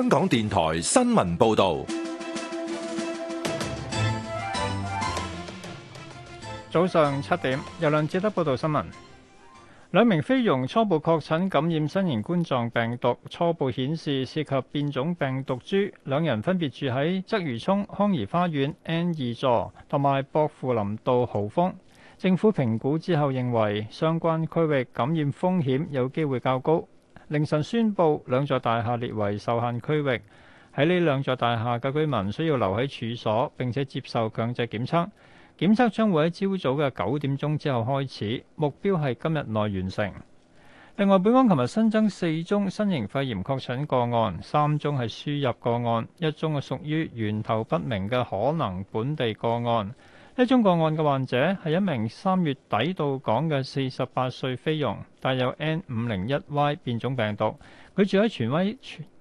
香港電台新聞報道，早上七點，有梁志德報道新聞。兩名菲傭初步確診感染新型冠狀病毒，初步顯示涉及變種病毒株。兩人分別住喺鰂魚涌康怡花園 N 二座同埋薄扶林道豪峰。政府評估之後認為，相關區域感染風險有機會較高。凌晨宣布兩座大廈列為受限區域，喺呢兩座大廈嘅居民需要留喺處所，並且接受強制檢測，檢測將會喺朝早嘅九點鐘之後開始，目標係今日內完成。另外，本港琴日新增四宗新型肺炎確診個案，三宗係輸入個案，一宗係屬於源頭不明嘅可能本地個案。一宗個案嘅患者係一名三月底到港嘅四十八歲菲傭，帶有 N 五零一 Y 變種病毒。佢住喺荃威，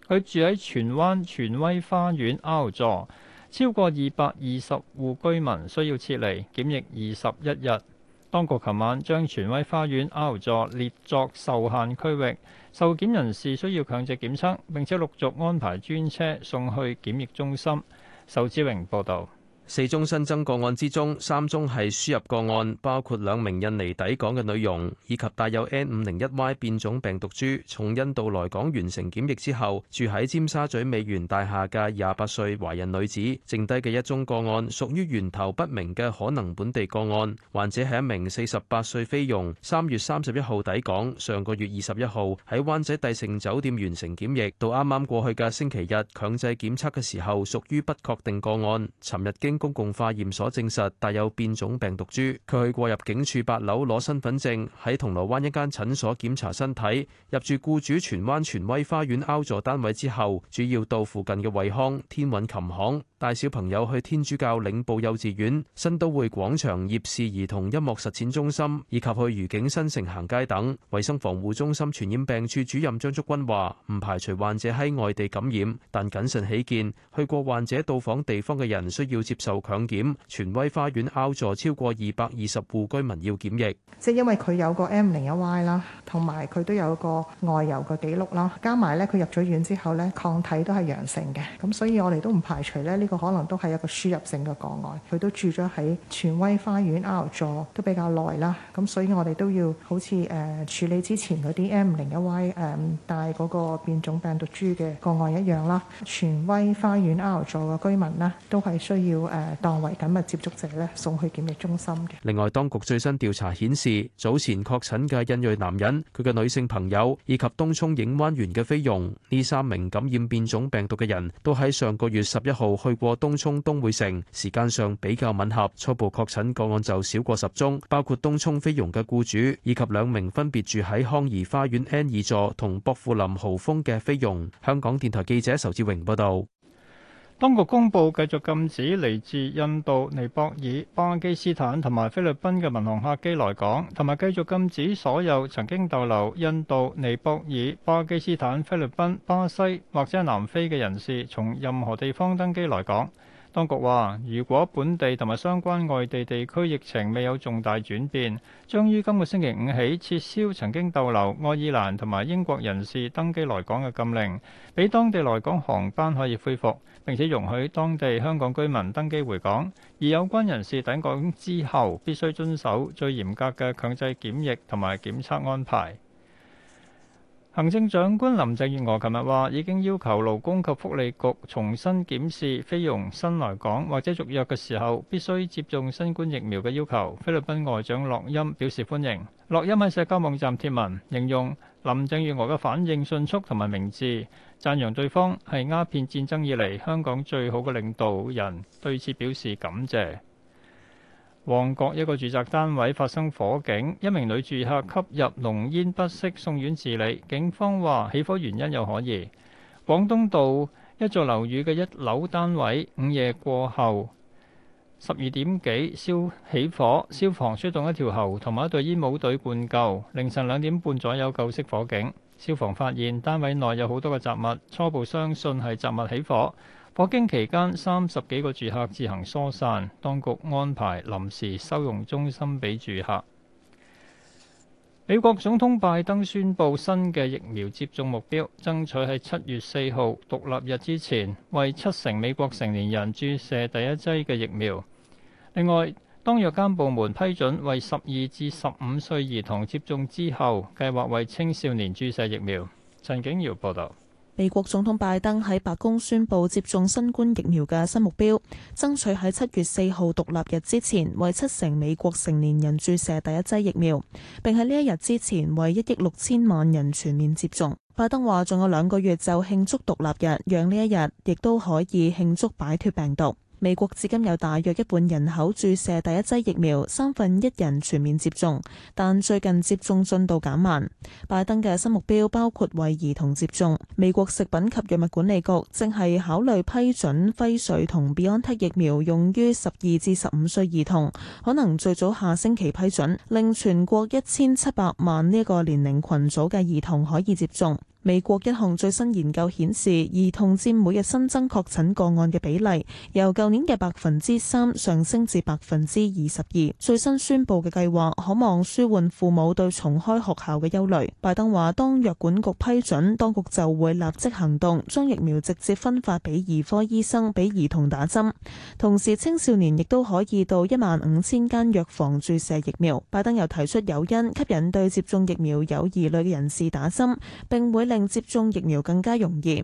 佢住喺荃灣荃威花園 R 座，超過二百二十戶居民需要撤離，檢疫二十一日。當局琴晚將荃威花園 R 座列作受限區域，受檢人士需要強制檢測，並且陸續安排專車送去檢疫中心。仇志榮報導。四宗新增個案之中，三宗係輸入個案，包括兩名印尼抵港嘅女傭，以及帶有 N 五零一 Y 變種病毒株從印度來港完成檢疫之後住喺尖沙咀美元大廈嘅廿八歲懷孕女子。剩低嘅一宗個案屬於源頭不明嘅可能本地個案，患者係一名四十八歲菲傭，三月三十一號抵港，上個月二十一號喺灣仔帝盛酒店完成檢疫，到啱啱過去嘅星期日強制檢測嘅時候屬於不確定個案。尋日經公共化驗所證實帶有變種病毒株。佢去過入境處八樓攞身份證，喺銅鑼灣一間診所檢查身體，入住僱主荃灣荃威花園凹座單位之後，主要到附近嘅惠康、天韻琴行，帶小朋友去天主教領報幼稚園、新都會廣場葉氏兒童音樂實踐中心，以及去愉景新城行街等。衛生防護中心傳染病處主任張竹君話：唔排除患者喺外地感染，但謹慎起見，去過患者到訪地方嘅人需要接受。受強檢全威花園 L 座超過二百二十戶居民要檢疫，即係因為佢有個 M 零一 Y 啦，同埋佢都有個外遊嘅記錄啦，加埋咧佢入咗院之後咧抗體都係陽性嘅，咁所以我哋都唔排除咧呢個可能都係一個輸入性嘅個案，佢都住咗喺全威花園 L 座都比較耐啦，咁所以我哋都要好似誒處理之前嗰啲 M 零一 Y 誒帶嗰個變種病毒株嘅個案一樣啦，全威花園 L 座嘅居民咧都係需要。誒當為緊密接觸者咧送去檢疫中心嘅。另外，當局最新調查顯示，早前確診嘅印裔男人、佢嘅女性朋友以及東涌映灣園嘅菲傭，呢三名感染變種病毒嘅人都喺上個月十一號去過東涌東薈城，時間上比較吻合。初步確診個案就少過十宗，包括東涌菲傭嘅僱主以及兩名分別住喺康怡花園 N 二座同薄扶林豪峰嘅菲傭。香港電台記者仇志榮報導。當局公佈繼續禁止嚟自印度、尼泊爾、巴基斯坦同埋菲律賓嘅民航客機來港，同埋繼續禁止所有曾經逗留印度、尼泊爾、巴基斯坦、菲律賓、巴西或者南非嘅人士從任何地方登機來港。當局話，如果本地同埋相關外地地區疫情未有重大轉變，將於今個星期五起撤銷曾經逗留愛爾蘭同埋英國人士登機來港嘅禁令，俾當地來港航班可以恢復，並且容許當地香港居民登機回港，而有關人士抵港之後必須遵守最嚴格嘅強制檢疫同埋檢測安排。行政長官林鄭月娥琴日話，已經要求勞工及福利局重新檢視菲傭新來港或者續約嘅時候必須接種新冠疫苗嘅要求。菲律賓外長洛欽表示歡迎。洛欽喺社交網站貼文，形容林鄭月娥嘅反應迅速同埋明智，讚揚對方係鴉片戰爭以嚟香港最好嘅領導人，對此表示感謝。旺角一個住宅單位發生火警，一名女住客吸入濃煙不適，送院治理。警方話起火原因又可疑。廣東道一座樓宇嘅一樓單位，午夜過後十二點幾燒起火，消防出動一條喉同埋一隊煙霧隊灌救。凌晨兩點半左右救熄火警，消防發現單位內有好多嘅雜物，初步相信係雜物起火。火警期間，三十幾個住客自行疏散，當局安排臨時收容中心俾住客。美國總統拜登宣布新嘅疫苗接種目標，爭取喺七月四號獨立日之前，為七成美國成年人注射第一劑嘅疫苗。另外，當藥監部門批准為十二至十五歲兒童接種之後，計劃為青少年注射疫苗。陳景堯報道。美國總統拜登喺白宮宣布接種新冠疫苗嘅新目標，爭取喺七月四號獨立日之前為七成美國成年人注射第一劑疫苗，並喺呢一日之前為一億六千萬人全面接種。拜登話仲有兩個月就慶祝獨立日，讓呢一日亦都可以慶祝擺脫病毒。美國至今有大約一半人口注射第一劑疫苗，三分一人全面接種，但最近接種進度減慢。拜登嘅新目標包括為兒童接種。美國食品及藥物管理局正係考慮批准輝瑞同 BioNTech 疫苗用於十二至十五歲兒童，可能最早下星期批准，令全國一千七百萬呢個年齡群組嘅兒童可以接種。美國一項最新研究顯示，兒童佔每日新增確診個案嘅比例由舊年嘅百分之三上升至百分之二十二。最新宣布嘅計劃可望舒緩父母對重開學校嘅憂慮。拜登話：當藥管局批准，當局就會立即行動，將疫苗直接分發俾兒科醫生俾兒童打針，同時青少年亦都可以到一萬五千間藥房注射疫苗。拜登又提出誘因，吸引對接種疫苗有疑慮嘅人士打針，並會令接種疫苗更加容易。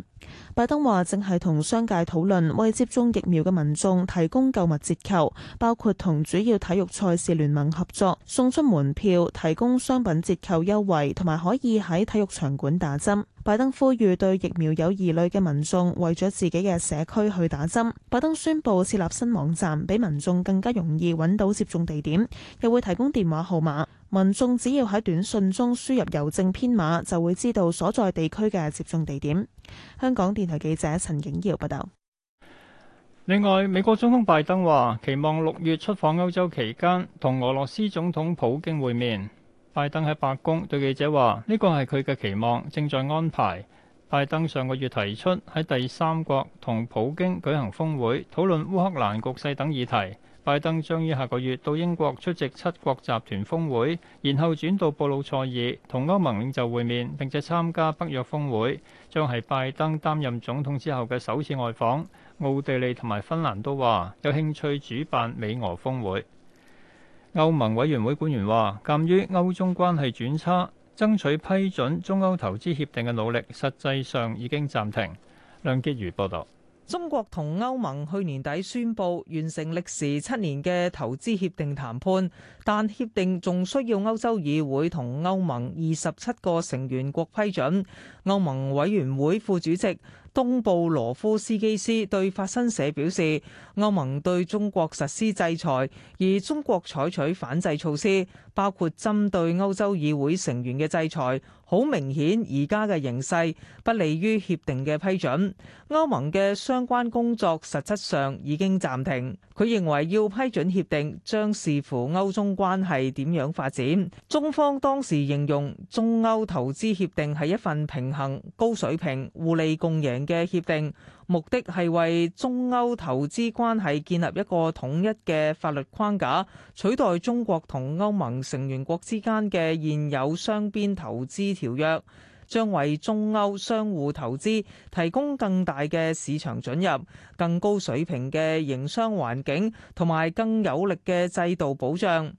拜登話正係同商界討論為接種疫苗嘅民眾提供購物折扣，包括同主要體育賽事聯盟合作，送出門票、提供商品折扣優惠，同埋可以喺體育場館打針。拜登呼籲對疫苗有疑慮嘅民眾為咗自己嘅社區去打針。拜登宣布設立新網站，畀民眾更加容易揾到接種地點，又會提供電話號碼。民眾只要喺短信中輸入郵政編碼，就會知道所在地區嘅接種地點。香港電。電台記者陳景瑤報道。另外，美國總統拜登話期望六月出訪歐洲期間同俄羅斯總統普京會面。拜登喺白宮對記者話：呢個係佢嘅期望，正在安排。拜登上個月提出喺第三國同普京舉行峰會，討論烏克蘭局勢等議題。拜登將於下個月到英國出席七國集團峰會，然後轉到布魯塞爾同歐盟領袖會面，並且參加北約峰會，將係拜登擔任總統之後嘅首次外訪。奧地利同埋芬蘭都話有興趣主辦美俄峰會。歐盟委員會官員話，鑑於歐中關係轉差，爭取批准中歐投資協定嘅努力實際上已經暫停。梁傑如報導。中國同歐盟去年底宣佈完成歷時七年嘅投資協定談判，但協定仲需要歐洲議會同歐盟二十七個成員國批准。歐盟委員會副主席東布羅夫斯基斯對法新社表示，歐盟對中國實施制裁，而中國採取反制措施，包括針對歐洲議會成員嘅制裁。好明顯而家嘅形勢不利於協定嘅批准，歐盟嘅相關工作實質上已經暫停。佢認為要批准協定，將視乎歐中關係點樣發展。中方當時形容中歐投資協定係一份平衡、高水平、互利共贏嘅協定。目的係為中歐投資關係建立一個統一嘅法律框架，取代中國同歐盟成員國之間嘅現有雙邊投資條約，將為中歐相互投資提供更大嘅市場准入、更高水平嘅營商環境同埋更有力嘅制度保障。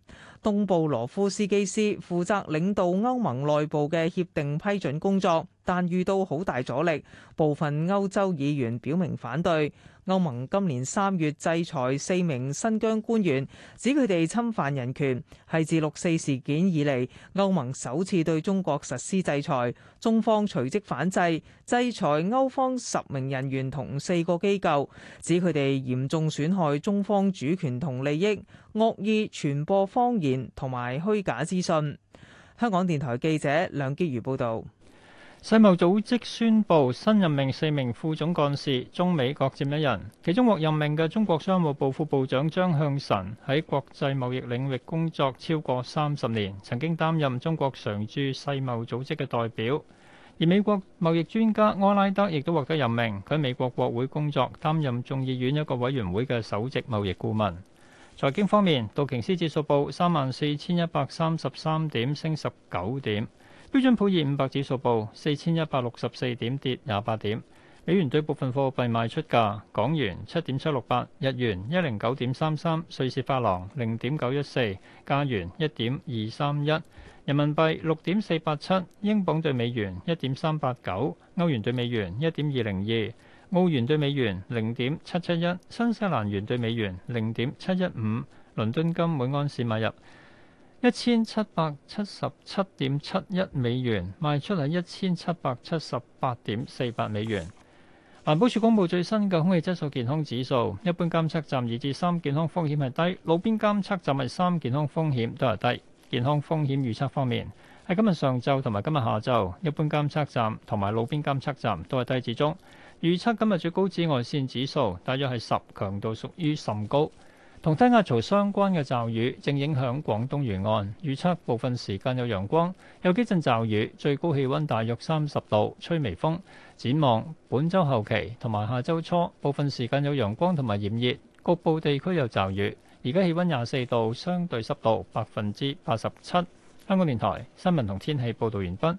東布羅夫斯基斯負責領導歐盟內部嘅協定批准工作，但遇到好大阻力，部分歐洲議員表明反對。歐盟今年三月制裁四名新疆官員，指佢哋侵犯人權，係自六四事件以嚟歐盟首次對中國實施制裁。中方隨即反制，制裁歐方十名人員同四個機構，指佢哋嚴重損害中方主權同利益，惡意傳播謊言。同埋虛假資訊。香港電台記者梁堅如報導，世貿組織宣布新任命四名副總幹事，中美各佔一人。其中獲任命嘅中國商務部副部長張向晨喺國際貿易領域工作超過三十年，曾經擔任中國常駐世貿組織嘅代表。而美國貿易專家安拉德亦都獲得任命，佢喺美國國會工作，擔任眾議院一個委員會嘅首席貿易顧問。財經方面，道瓊斯指數報三萬四千一百三十三點，升十九點；標準普爾五百指數報四千一百六十四點，跌廿八點。美元對部分貨幣賣出價：港元七點七六八，日元一零九點三三，瑞士法郎零點九一四，加元一點二三一，人民幣六點四八七，英鎊對美元一點三八九，歐元對美元一點二零二。澳元兌美元零點七七一，新西蘭元兌美元零點七一五，倫敦金每安士買入一千七百七十七點七一美元，賣出係一千七百七十八點四八美元。環保署公布最新嘅空氣質素健康指數，一般監測站二至三健康風險係低，路邊監測站係三健康風險都係低。健康風險預測方面，喺今日上晝同埋今日下晝，一般監測站同埋路邊監測站都係低至中。預測今日最高紫外線指數大約係十，強度屬於甚高。同低壓槽相關嘅驟雨正影響廣東沿岸，預測部分時間有陽光，有幾陣驟雨，最高氣温大約三十度，吹微風。展望本週後期同埋下周初，部分時間有陽光同埋炎熱，局部地區有驟雨。而家氣温廿四度，相對濕度百分之八十七。香港電台新聞同天氣報導完畢。